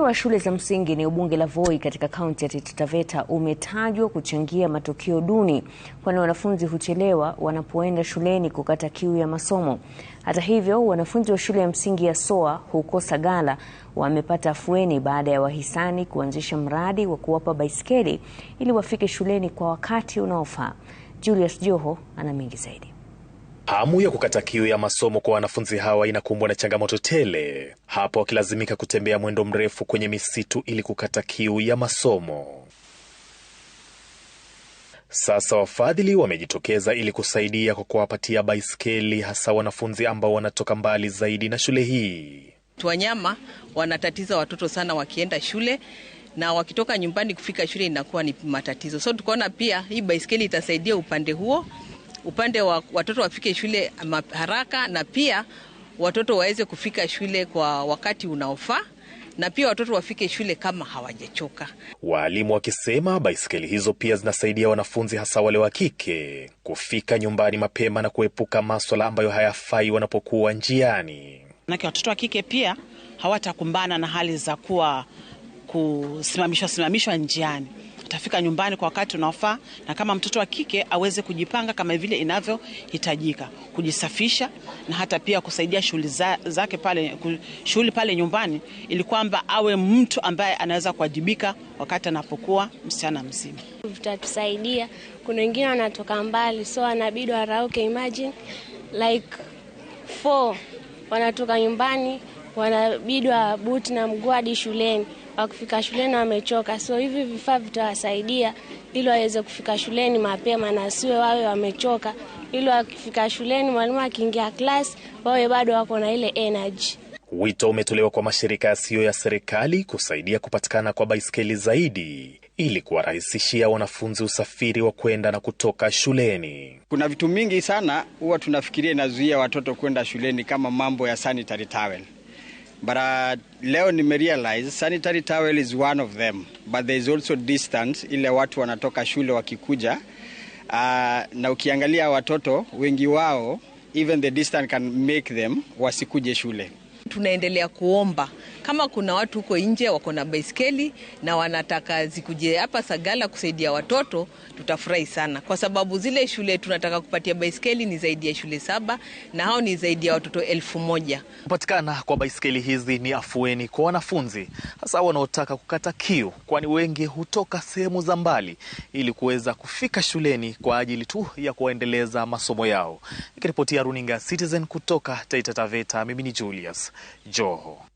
Uhai wa shule za msingi ni ubunge la Voi katika kaunti ya Taita Taveta umetajwa kuchangia matokeo duni, kwani wanafunzi huchelewa wanapoenda shuleni kukata kiu ya masomo. Hata hivyo, wanafunzi wa shule ya msingi ya Soa huko Sagala wamepata afueni baada ya wahisani kuanzisha mradi wa kuwapa baiskeli ili wafike shuleni kwa wakati unaofaa. Julius Joho ana mengi zaidi. Hamu ya kukata kiu ya masomo kwa wanafunzi hawa inakumbwa na changamoto tele, hapo wakilazimika kutembea mwendo mrefu kwenye misitu ili kukata kiu ya masomo. Sasa wafadhili wamejitokeza ili kusaidia kwa kuwapatia baiskeli, hasa wanafunzi ambao wanatoka mbali zaidi na shule hii. Wanyama wanatatiza watoto sana wakienda shule na wakitoka nyumbani kufika shule inakuwa ni matatizo, so tukaona pia hii baiskeli itasaidia upande huo upande wa watoto wafike shule haraka na pia watoto waweze kufika shule kwa wakati unaofaa na pia watoto wafike shule kama hawajachoka. Waalimu wakisema baiskeli hizo pia zinasaidia wanafunzi hasa wale wa kike kufika nyumbani mapema na kuepuka maswala ambayo hayafai wanapokuwa njiani. Manake watoto wa kike pia hawatakumbana na hali za kuwa kusimamishwa simamishwa njiani utafika nyumbani kwa wakati unaofaa, na kama mtoto wa kike aweze kujipanga kama vile inavyohitajika, kujisafisha na hata pia kusaidia shughuli za, zake pale shughuli pale nyumbani, ili kwamba awe mtu ambaye anaweza kuwajibika wakati anapokuwa msichana mzima. Vitatusaidia. Kuna wengine wanatoka mbali, so anabidi warauke, imagine like four wanatoka nyumbani, wanabidi wabuti na mguu hadi shuleni wakifika shuleni wamechoka, so hivi vifaa vitawasaidia ili waweze kufika shuleni mapema na siwe wawe wamechoka, ili wakifika shuleni, mwalimu akiingia klasi, wawe bado wako na ile energy. Wito umetolewa kwa mashirika yasiyo ya serikali kusaidia kupatikana kwa baiskeli zaidi ili kuwarahisishia wanafunzi usafiri wa kwenda na kutoka shuleni. Kuna vitu mingi sana huwa tunafikiria inazuia watoto kwenda shuleni kama mambo ya sanitary towel. But uh, leo nimerealize sanitary towel is one of them, but there is also distance ile watu wanatoka shule wakikuja. Uh, na ukiangalia watoto wengi wao even the distance can make them wasikuje shule tunaendelea kuomba kama kuna watu huko nje wako na baiskeli na wanataka zikuje hapa Sagala kusaidia watoto, tutafurahi sana, kwa sababu zile shule tunataka kupatia baiskeli ni zaidi ya shule saba na hao ni zaidi ya watoto elfu moja. Kupatikana kwa baiskeli hizi ni afueni kwa wanafunzi, hasa wanaotaka kukata kiu, kwani wengi hutoka sehemu za mbali ili kuweza kufika shuleni kwa ajili tu ya kuendeleza masomo yao. Nikiripotia runinga Citizen kutoka Taita Taveta, mimi ni Julius Джого